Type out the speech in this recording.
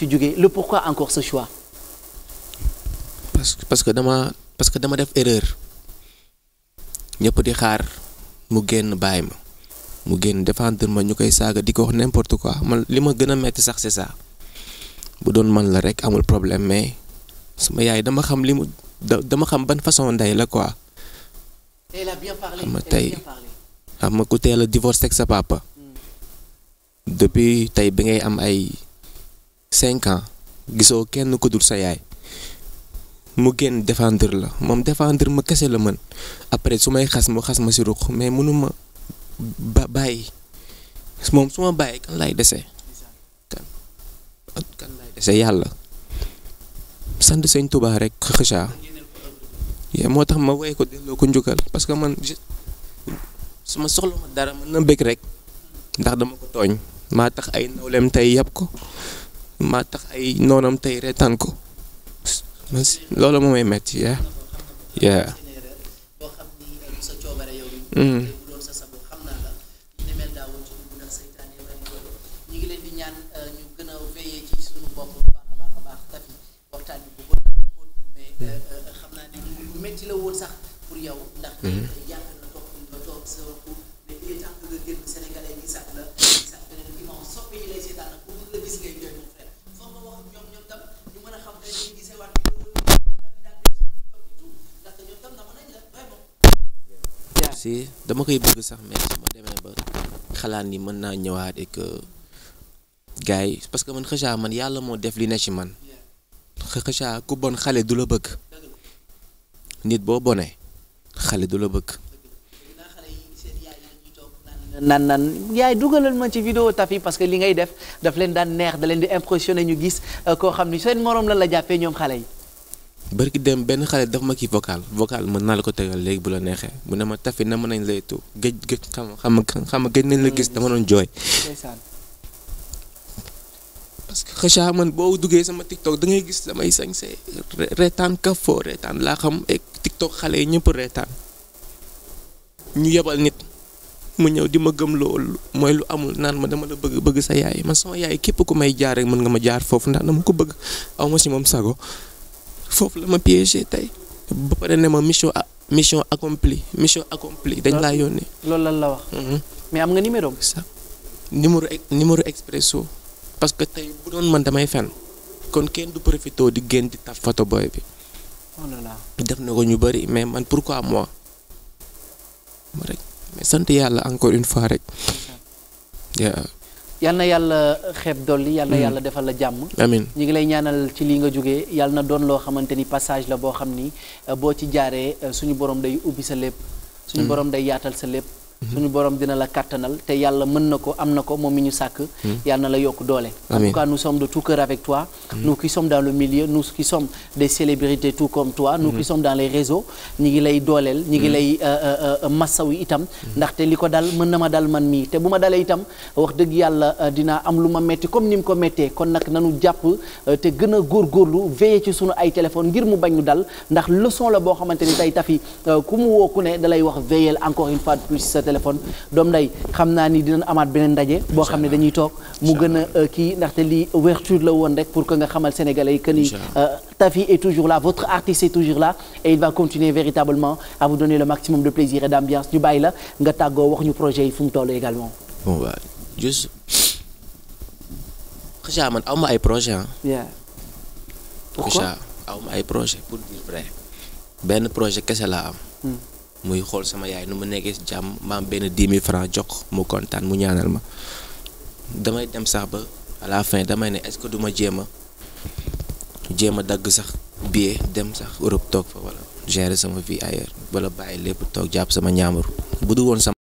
fi jógee le pourquoi encore ce choix. parce que parce que dama parce que dama def erreur ñëpp di xaar mu génn baay ma mu génn défendre ma ñu koy saaga di ko wax n'importe quoi man li ma gën a metti sax c'est ça bu doon man la rek amul problème mais sama yaay dama xam li mu dama xam ban façon ndey la koi xam nga tey xam nga ku teel a divorce ak sa papa. Hmm. depuis tey bi ngay am ay. cinq ans gisoo kenn ku dul sa yaay mu génn défendre la moom défendre ma kese la mën après su may xas mu xas ma si ruq mais mënu ma ba bàyyi moom su ma bàyyi kan laay dese kan kan dese yàlla sant sëñ Tuubaa rek xëcaa moo tax ma woy ko delloo ko njukkal parce que man su ma soxla ma dara mën na bëgg rek ndax dama ko tooñ maa tax ay nawleem tey yàpp ko ma tax ay noonam tey reetaan ko loolu moo may metti yaa yaa si dama koy bëgg sax mais su ma demee ba xalaat ni mën naa ñëwaat et que gars yi parce que man xëcaa man yàlla moo def li ne ci man xëcaa ku bon xale du la bëgg nit boo bonee xale du la bëgg. nan nan yaay dugalal ma ci vidéo taf yi parce que li ngay def daf leen daan neex da leen di impressionné ñu gis euh, koo xam ni seen morom lan la jàppee ñoom xale yi. bërki dem benn xale daf ma ki vocal vocal mën naa la ko tegal léegi bu la neexee mu ne ma tafi na ma nañ lay laytu géej géej xam xam xam géej nañ la gis dama doon jooy. parce que xëcaa man boo duggee sama TikTok da ngay gis samay sañse reetaan ka foo reetaan laa xam ak e, TikTok xale yi ñëpp reetaan ñu yebal nit mu ñëw di ma gëm loolu mooy lu amul naan ma dama la bëgg bëgg sa yaay ma sama yaay képp ku may jaar rek mën nga ma jaar foofu ndax dama ko bëgg aw ma si moom sago. foofu la ma piégé tey ba pare ne ma mission mission accomplie mission accomplie dañ laa yónnee. loolu lan la wax. Mm-hmm. mais am nga numéro sax numéro numéro expresso parce que tey bu doon man damay fen kon kenn du profité di génn di taf photo booy bi. oh def na ko ñu bëri mais man pourquoi moi. ma rek mais sant yàlla encore une fois rek. yal na yàlla xeeb dolli yal na mm. yàlla defal la jàmm amiin ñu ngi lay ñaanal ci lii nga jógee yal na doon loo xamante ni passage la boo xam ni boo ci jaaree suñu borom day ubbi sa lépp suñu mm. borom day yaatal sa lépp suñu borom dina la kàttanal te yàlla mën na ko am na ko moom mi ñu sàkk hmm. yàlla na la yokk doole en tout cas nous sommes de tout cœur avec toi hmm. nous qui sommes dans le milieu nous qui sommes des célébrités tout comme toi nous hmm. qui sommes dans les réseaux ñi ngi lay dooleel ñi ngi lay euh, euh, euh, massaw itam ndaxte li ko dal mën na ma dal man mii te bu ma dalee itam wax dëgg yàlla dina am lu ma metti comme ni mu ko mettee kon nag nanu jàpp te gën a góorgóorlu veiller ci sunu ay téléphone ngir mu bañ ñu dal ndax leçon la boo xa ni ne dalay wax veiller encore une fois de plus téléphone doom nday xam naa ni dinañ amaat beneen ndaje boo xam ne dañuy toog mu gën a euh, kii ndaxte lii ouverture la woon rek pour que nga xamal sénégalais yi que ni euh, Tafi est toujours là votre artiste est toujours là et il va continuer véritablement à vous donner le maximum de plaisir et d'ambiance ñu bàyyi la nga tàggoo wax ñu projet yi fu mu toll également bon waaw juste Kheucha man aw ma ay projet ah. waaw pourquoi ay projet pour benn projet kese laa am. Hmm. muy xool sama yaay nu mu nekkee si jàmm ma benn dix mille jox mu kontaan mu ñaanal ma damay dem sax ba à fin damay ne est-ce que duma jéema a jéem a dagg sax billet dem sax Europe toog fa wala gérer sama vie ailleurs wala bàyyi lépp toog jàpp sama ñaamaru bu woon sama